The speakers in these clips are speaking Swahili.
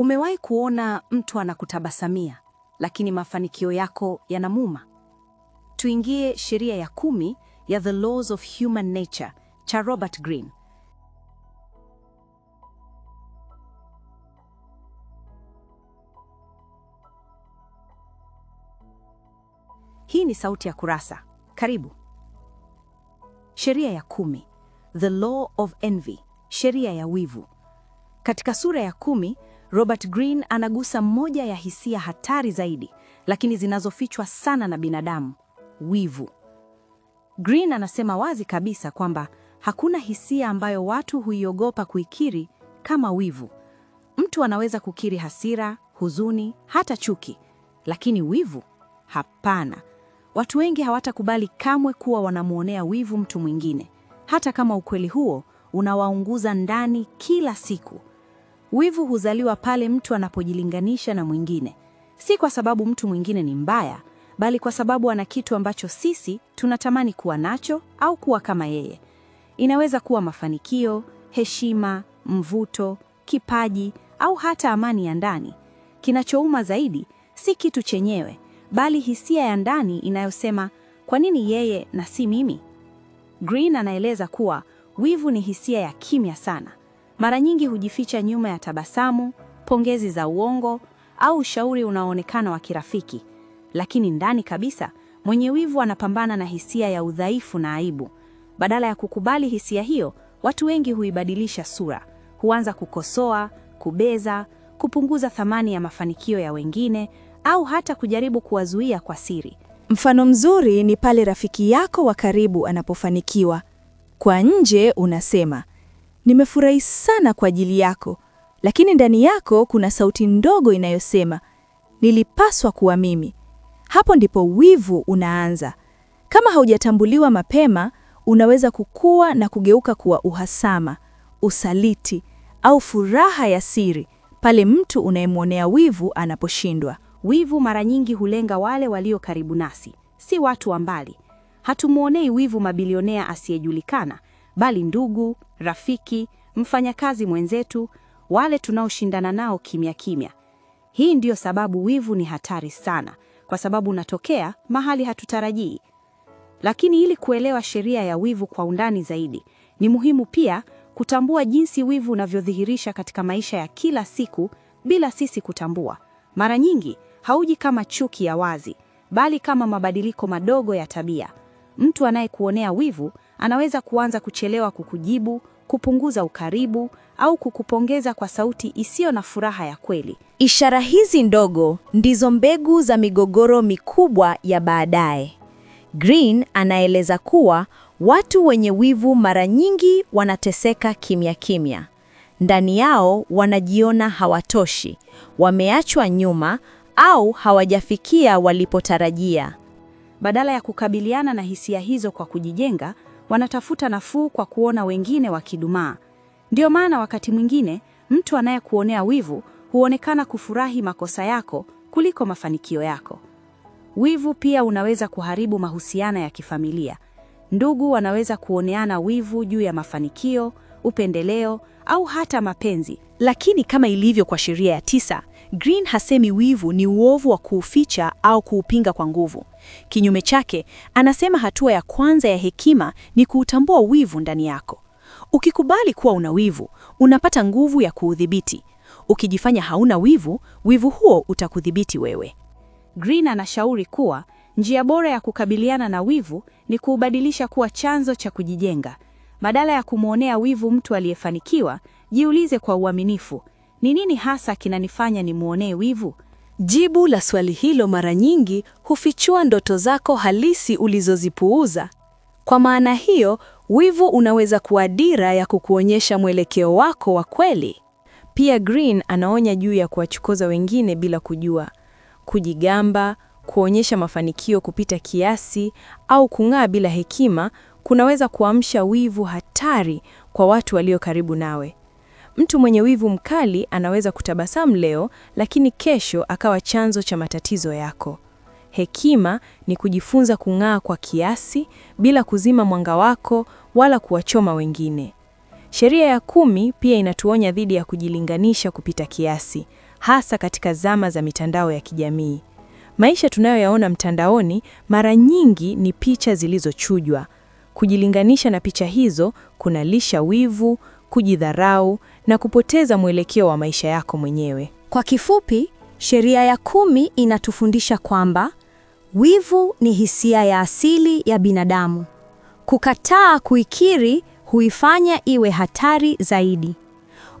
Umewahi kuona mtu anakutabasamia lakini mafanikio yako yanamuma? Tuingie sheria ya kumi ya The Laws of Human Nature cha Robert Greene. Hii ni sauti ya Kurasa. Karibu. Sheria ya kumi, The Law of Envy, sheria ya wivu. Katika sura ya kumi, Robert Greene anagusa moja ya hisia hatari zaidi, lakini zinazofichwa sana na binadamu, wivu. Greene anasema wazi kabisa kwamba hakuna hisia ambayo watu huiogopa kuikiri kama wivu. Mtu anaweza kukiri hasira, huzuni, hata chuki, lakini wivu, hapana. Watu wengi hawatakubali kamwe kuwa wanamwonea wivu mtu mwingine, hata kama ukweli huo unawaunguza ndani kila siku. Wivu huzaliwa pale mtu anapojilinganisha na mwingine, si kwa sababu mtu mwingine ni mbaya, bali kwa sababu ana kitu ambacho sisi tunatamani kuwa nacho au kuwa kama yeye. Inaweza kuwa mafanikio, heshima, mvuto, kipaji au hata amani ya ndani. Kinachouma zaidi si kitu chenyewe, bali hisia ya ndani inayosema kwa nini yeye na si mimi? Green anaeleza kuwa wivu ni hisia ya kimya sana mara nyingi hujificha nyuma ya tabasamu, pongezi za uongo au ushauri unaoonekana wa kirafiki, lakini ndani kabisa mwenye wivu anapambana na hisia ya udhaifu na aibu. Badala ya kukubali hisia hiyo, watu wengi huibadilisha sura, huanza kukosoa, kubeza, kupunguza thamani ya mafanikio ya wengine au hata kujaribu kuwazuia kwa siri. Mfano mzuri ni pale rafiki yako wa karibu anapofanikiwa. Kwa nje unasema nimefurahi sana kwa ajili yako, lakini ndani yako kuna sauti ndogo inayosema nilipaswa kuwa mimi. Hapo ndipo wivu unaanza. Kama haujatambuliwa mapema, unaweza kukua na kugeuka kuwa uhasama, usaliti au furaha ya siri pale mtu unayemwonea wivu anaposhindwa. Wivu mara nyingi hulenga wale walio karibu nasi, si watu wa mbali. Hatumwonei wivu mabilionea asiyejulikana, bali ndugu, rafiki, mfanyakazi mwenzetu, wale tunaoshindana nao kimya kimya. Hii ndiyo sababu wivu ni hatari sana, kwa sababu unatokea mahali hatutarajii. Lakini ili kuelewa sheria ya wivu kwa undani zaidi, ni muhimu pia kutambua jinsi wivu unavyodhihirisha katika maisha ya kila siku bila sisi kutambua. Mara nyingi hauji kama chuki ya wazi, bali kama mabadiliko madogo ya tabia. Mtu anayekuonea wivu anaweza kuanza kuchelewa kukujibu, kupunguza ukaribu au kukupongeza kwa sauti isiyo na furaha ya kweli. Ishara hizi ndogo ndizo mbegu za migogoro mikubwa ya baadaye. Green anaeleza kuwa watu wenye wivu mara nyingi wanateseka kimya kimya. Ndani yao wanajiona hawatoshi, wameachwa nyuma au hawajafikia walipotarajia. Badala ya kukabiliana na hisia hizo kwa kujijenga, wanatafuta nafuu kwa kuona wengine wakidumaa. ndio maana wakati mwingine mtu anayekuonea wivu huonekana kufurahi makosa yako kuliko mafanikio yako. Wivu pia unaweza kuharibu mahusiano ya kifamilia. Ndugu wanaweza kuoneana wivu juu ya mafanikio, upendeleo au hata mapenzi, lakini kama ilivyo kwa sheria ya tisa, Green hasemi wivu ni uovu wa kuuficha au kuupinga kwa nguvu. Kinyume chake, anasema hatua ya kwanza ya hekima ni kuutambua wivu ndani yako. Ukikubali kuwa una wivu, unapata nguvu ya kuudhibiti. Ukijifanya hauna wivu, wivu huo utakudhibiti wewe. Green anashauri kuwa njia bora ya kukabiliana na wivu ni kuubadilisha kuwa chanzo cha kujijenga. Badala ya kumwonea wivu mtu aliyefanikiwa, jiulize kwa uaminifu, ni nini hasa kinanifanya nimwonee wivu? Jibu la swali hilo mara nyingi hufichua ndoto zako halisi ulizozipuuza. Kwa maana hiyo, wivu unaweza kuwa dira ya kukuonyesha mwelekeo wako wa kweli. Pia Green anaonya juu ya kuwachokoza wengine bila kujua, kujigamba, kuonyesha mafanikio kupita kiasi au kung'aa bila hekima kunaweza kuamsha wivu hatari kwa watu walio karibu nawe. Mtu mwenye wivu mkali anaweza kutabasamu leo, lakini kesho akawa chanzo cha matatizo yako. Hekima ni kujifunza kung'aa kwa kiasi bila kuzima mwanga wako wala kuwachoma wengine. Sheria ya kumi pia inatuonya dhidi ya kujilinganisha kupita kiasi, hasa katika zama za mitandao ya kijamii. Maisha tunayoyaona mtandaoni mara nyingi ni picha zilizochujwa. Kujilinganisha na picha hizo kunalisha wivu, kujidharau na kupoteza mwelekeo wa maisha yako mwenyewe. Kwa kifupi, sheria ya kumi inatufundisha kwamba wivu ni hisia ya asili ya binadamu. Kukataa kuikiri huifanya iwe hatari zaidi.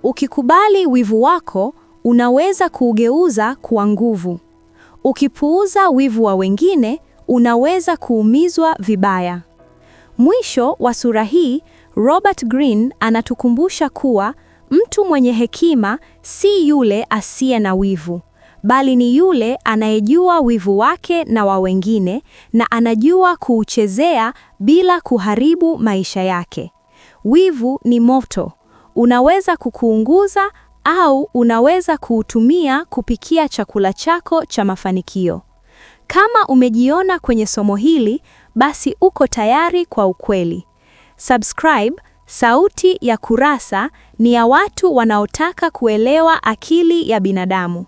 Ukikubali wivu wako, unaweza kuugeuza kuwa nguvu. Ukipuuza wivu wa wengine, unaweza kuumizwa vibaya. Mwisho wa sura hii, Robert Greene anatukumbusha kuwa mtu mwenye hekima si yule asiye na wivu, bali ni yule anayejua wivu wake na wa wengine na anajua kuuchezea bila kuharibu maisha yake. Wivu ni moto, unaweza kukuunguza au unaweza kuutumia kupikia chakula chako cha mafanikio. Kama umejiona kwenye somo hili, basi uko tayari kwa ukweli. Subscribe, sauti ya kurasa ni ya watu wanaotaka kuelewa akili ya binadamu.